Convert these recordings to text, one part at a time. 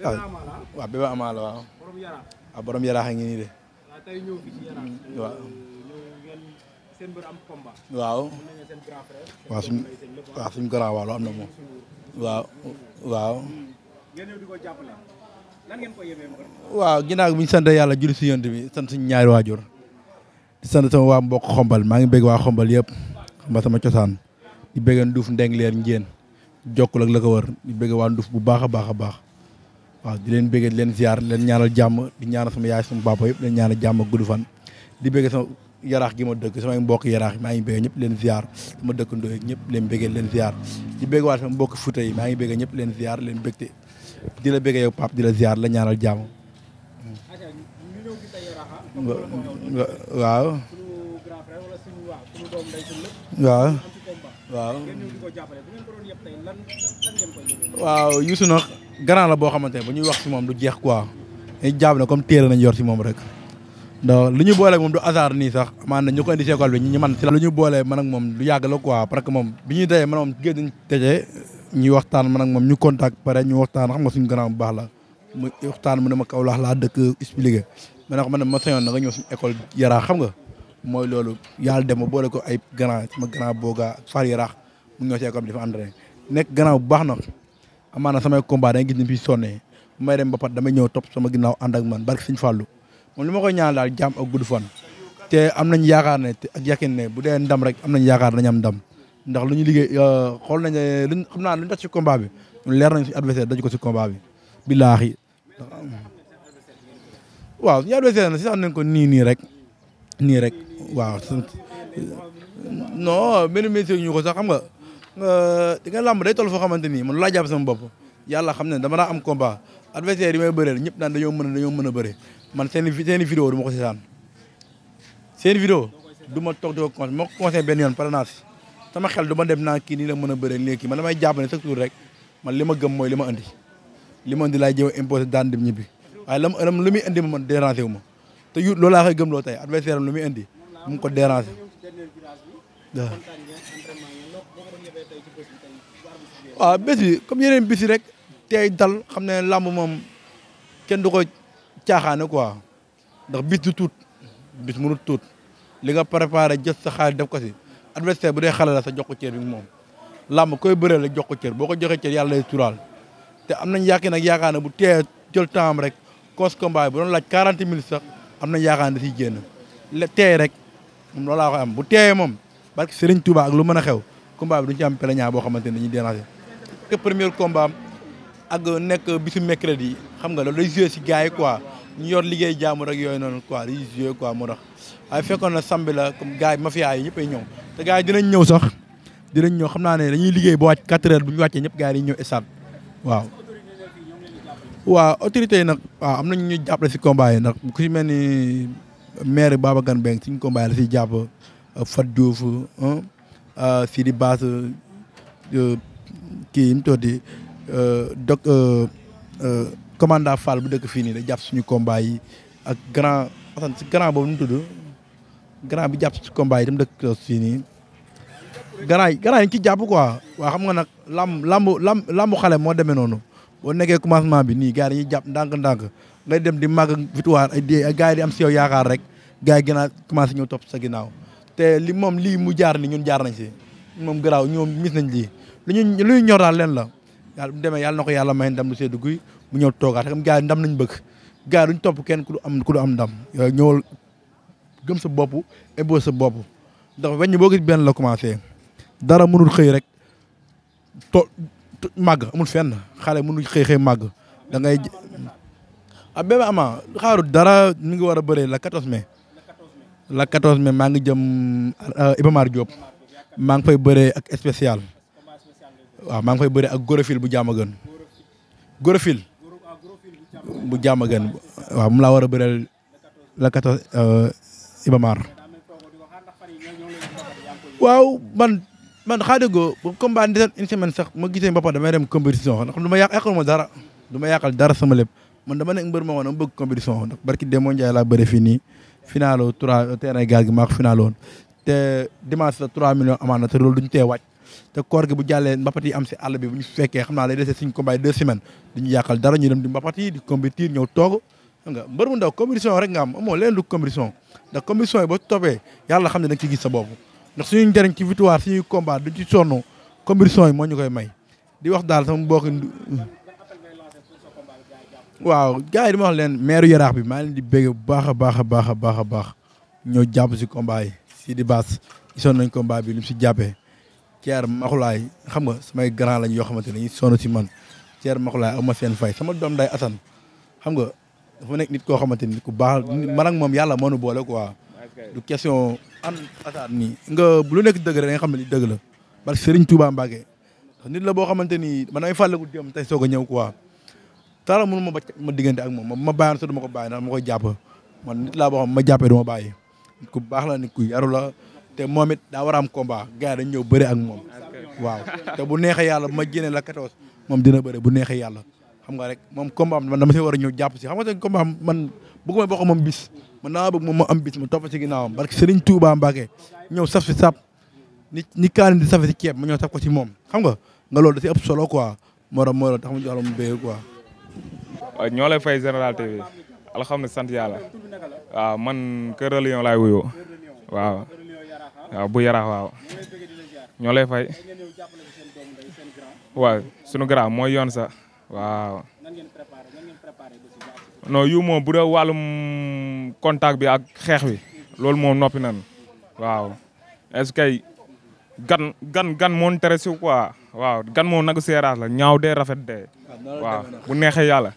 waaw ah, waaw Bébé waaw. waaw borom yaraax ah, a ngi nii de. Mm, euh, waaw. waaw. suñ waaw suñ am na moom. waaw waaw. Mm. waaw ginnaaw bi sant yàlla julli si yont bi sant suñ ñaari waajur di sant sama waa mbokk xombal maa ngi bëgg waa xombal yëpp xam sama cosaan di bëggeen duuf ndeng leen njéen jokkul ak la ko wër di bëgg waa nduuf bu baax a baax a baax waaw di leen bëggee leen ziar leen ñaanal jàmm di ñaanal sama yaay sama papa yëpp di leen ñaanal jàmm gudd fan di bëggee sama yaraax gi ma dëkk samay mbokk yaraax maa ngi bëggee ñëpp leen ziar sama dëkk ndooy ñëpp leen bëggee leen ziar di bëggee waat sama mbokk Fuuta yi maa ngi bëggee ñëpp leen ziar leen bëggte di la bëggee yow pap di la ziar la ñaanal jàmm waaw waaw waaw Youssou nag grand la boo xamante ne bu ñuy wax si moom du jeex quoi dañuy jàpp na comme téere nañ yor si moom rek donc lu ñu boolee moom du hasard nii sax man na ñu ko indi si école man si lu ñu boolee man moom du yàgg la quoi parce que moom bi ñuy dajee man moom géej dañ tëjee ñuy moom ñu contact pare ñu waxtaan xam nga suñu grand bu baax la mu waxtaan mu ne ma kaw laax laa dëkk expliqué ma ne ma sañoon na nga ñëw école yaraa xam nga mooy loolu yàlla dem ma boole ko ay grand ma grand booga far yaraax mu ñëw see comme dafa entraîné nekk grand bu baax na amaana samay combat dañ gis ni fi sonnee bu may dem ba pat damay ñëw topp sama ginnaaw ànd ak man barki Sëñ Fàllu moom li ma koy ñaan daal jàmm ak gudd fan te am nañ na ne ak yakin ne bu dee ndam rek am nañ yaakaar dañu am dam ndax lu ñu liggéey euh, xool nañ ne luñ xam naa lu ñu tax bi leer nañ suñu adversaire dañ ko ci combat bi billaahi waaw suñu adversaire na si sax nañ ko nii rek nii rek waaw non benn métier ñu ko sax xam nga euh, di nga làmb day toll foo xamante ni man laa jàpp sama bopp yàlla xam ne dama naa am combat adversaire yi may bëreel ñëpp naan dañoo mën a dañoo mën a bëre man seen seen vidéo du ma ko seetaan du ma toog di ko conseil ma ko conseil benn yoon par naa si sama xel du ma dem naa kii nii la mën a bëree léegi man damay jàpp ne chaque jour rek man li ma gëm mooy li ma andi li ma andi laay jéem a imposé daan dem ñibbi waaye lam muy andi ma man dérangé wu ma te yu loolu laa koy gëmloo tey adversaire am lu muy indi mu ko déranger. waaw bés bi comme yeneen bés yi rek tey dal xam ne làmb moom kenn du ko caaxaane quoi ndax bis du tuut bis mënut tuut li nga préparé jël sa xaalis def ko si adversaire bu dee xale la sa jox ko cër bi moom làmb koy bëree la jox ko cër boo ko joxee cër yàlla lay te am nañ yaakaar nag yaakaar ne bu tee jël temps rek cause combat bu doon laaj quarante mille sax am nañ yaakaar ne dafay génn la teey rek moom loolaa koy am bu teeyee moom barke Serigne Touba ak lu mën a xew combat bi duñu ci am peleñaa boo xamante ne dañuy déranger. que premier combat ak nekk bisu mercredi xam nga loolu day joué si gars yi quoi ñu yor liggéey jaamu rek yooyu noonu quoi day joué quoi moo tax waaye fekkoon na sambi la comme gars yi mafia yi ñëpp ay ñëw te gars yi ñëw sax dinañ ñëw xam naa ne dañuy liggéey ba wàcc 4 bu ñu wàccee ñëpp gars yi dañuy ñëw waaw. waaw autorité yi nag waaw am nañu ñuy jàppale si combat yi ndax ku si mel ni maire Babacar Mbengue suñu combat yi la siy jàpp euh, Fat Diouf euh, Sidi Bass euh, kii yi mu tuddati doc commandant Fall bu dëkk fii nii da jàpp suñu combat yi ak grand Assane si grand boobu nu tudd grand bi jàpp si combat yi tam dëkk fii nii grand yi grand yi ci jàpp quoi waa xam nga nag lamb lamb lam lambu xale moo demee noonu. boo nekkee commencement bi nii gars yi dañuy jàpp ndànk-ndànk ngay dem di màgg victoire ay di ay gars yi di am si yow yaakaar rek gars yi gën a commencé ñëw topp sa ginnaaw te li moom lii mu jaar ni ñun jaar nañ si moom garaaw ñoom mis nañ lii lu ñu lu ñu ñor daal leen la yàlla bu demee yàlla na ko yàlla may ndam lu see dugg mu ñëw toogaat xam gars yi ndam nañ bëgg gars yi duñ topp kenn ku du am ku du am ndam yooyu ñëwal gëm sa bopp éboo sa bopp ndax weñ boo gis la commencé dara mënul xëy rek màgg amul fenn xale mënu xëy xëy màgg da ngay ah Bébé Ama xaaru dara mi ngi war a bëree la 14 mais la 14 mai maa ngi jëm euh, Iba Mar maa ngi fay bëree ak spécial waaw maa ngi fay bëree ak gorofil bu jaam a bu jaam a gën waaw mu laa war a bëreel la 14 euh, Iba waaw man man xaadëggoo ba combat ni une semaine sax ma gisee boppam damay dem compétition ndax du ma yàq yàqal ma dara du ma yàqal dara sama lépp man dama nekk te dimanche la bu jàllee mbapat am si bi bu ñu fekkee xam naa xam nga mbër mu ndaw compétition rek nga am amoo leen du compétition ndax yàlla xam ne da gis sa bopp ndax su njëriñ ci victoire suñuy combat du ci sonn condition yi moo ñu koy may di wax daal sama mbokk waaw gars yi dama wax leen maire yaraax bi maa leen di bëgg bu baax a baax a baax a baax a baax ñoo jàpp si kombaay yi si di baas gisoon nañ combat bi lu si jàppee Thierre Makhulaay xam nga samay grand lañ yoo xamante ne ñu sonn si man Thierre Makhulaay am ma seen fay sama doom day Assane xam nga dafa nekk nit koo xamante ni ku baax man ak moom yàlla moo nu boole ko du question an asaat ni nga bu lu nekk dëgg rek da xam ne li dëgg la parce que Serigne Touba Mbacké nit la boo xamante ni man ay fàllagu dem ta soog a ñëw quoi tara mënu ma ba ma diggante ak moom ma bàyyi sa du ma ko bàyyi ndax ma koy jàpp man nit ma jàppee du ma baax la nit ku yaru la te moom it daa war am combat gars yi dañ bëri ak moom waaw te bu neexee yàlla bu ma jénee la 14 moom dina bëri bu neexee yàlla xam nga rek moom combat ma man dama war a ñëw jàpp si xam nga te combat am man bu ko may bokk moom bis man naa bëgg moom ma am bis ma topp ci ginnaawam barke Serigne Touba Mbacke ñëw saf si sap ni kaani di si ceeb ma ñoo saf ko ci moom xam nga nga lool da si ëpp solo quoi moo tax moo tax tax ma jox la mu béy ñoo lay fay Général TV alhamdulilah sant yàlla man Kër Relion laay wuyoo waaw lay fay waaw sunu mooy yoon sax waaw non yu moom bu dee contact bi ak xeex bi loolu moom noppi nan waaw est-ce que gan gan gan moo tere si quoi waaw gan moom nag seeraas la ñaaw dee rafet dee waaw bu neexee yàlla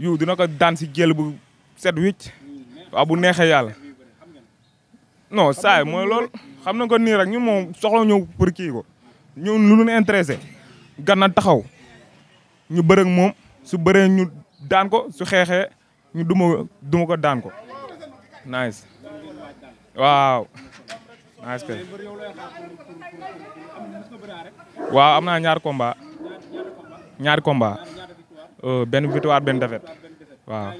yu dina ko daan si jël bu set wicc waaw bu neexee yàlla no saay mooy lool xam na ko nii rek ñun moom soxla ñëw pour kii ko ñun lu intéressé gan na taxaw ñu bëre ak moom su bëree ñu daan ko su xeexee ñu duma duma ko daan ko nice waaw nice kay waaw am naa ñaar komba ñaar komba euh, benn victoire benn défaite waaw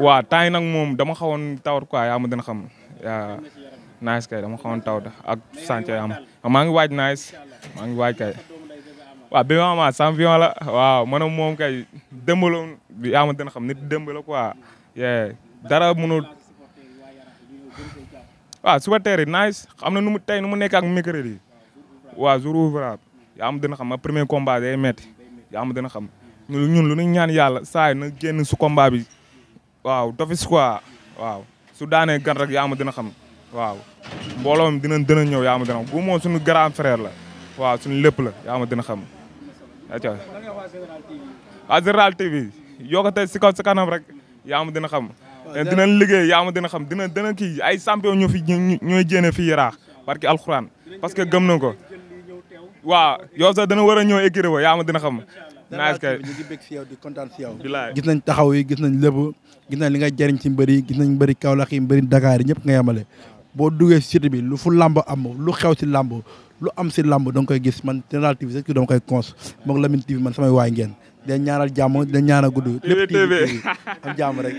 waaw temps yi nag moom dama xawoon tawat quoi yaa ma gën a xam yaa nice kay dama tawat ak santé am ah, maa ngi nice maa ngi kay waaw bi ma ma champion la waaw man moom kay démb la yaa ma gën a xam nit dara mënul su ah, supporters yi nice xam na nu mu tey nu mu nekk ak mercredi yi waaw jour yaa am dina xam ma premier combat day metti yaa am dina xam ñun lu ñu ñaan yàlla saay na génn su combat bi waaw d'office quoi waaw su daanee gan rek yaa ma dina xam waaw mbooloo mi dinañ ñëw yaa ma dina xam bu moom suñu grand frère la waaw suñu lépp la yaa ma dina xam aca waa Général TV yokkate si kaw si kanam rek yaa ma dina xam Eh, dinañ liggéey yaa ma dina xam dina dina kii ay champion ñu fi ñooy jéene fi yaraax barki alxuraan parce que gëm na ko waaw yow sax dana war a ñëw écrire ba yaa ma dina xam naaj kay ñu si yow di kontaan si yow gis nañ taxaw yi gis nañ lépp gis nañ li nga jëriñ si mbëri gis nañ mbëri Kaolack yi mbëri Dakar yi ñëpp nga yemale boo duggee si bi lu fu làmb am lu xew si làmb lu am si làmb da koy gis man Général TV sax dama koy cons moom Lamine TV man samay waay ngeen dañ ñaanal jàmm dañ ñaanal gudd. lépp TV ak jàmm rek.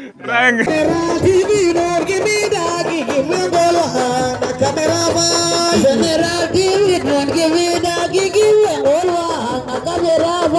General TV, don't give me that, give me that, give me that,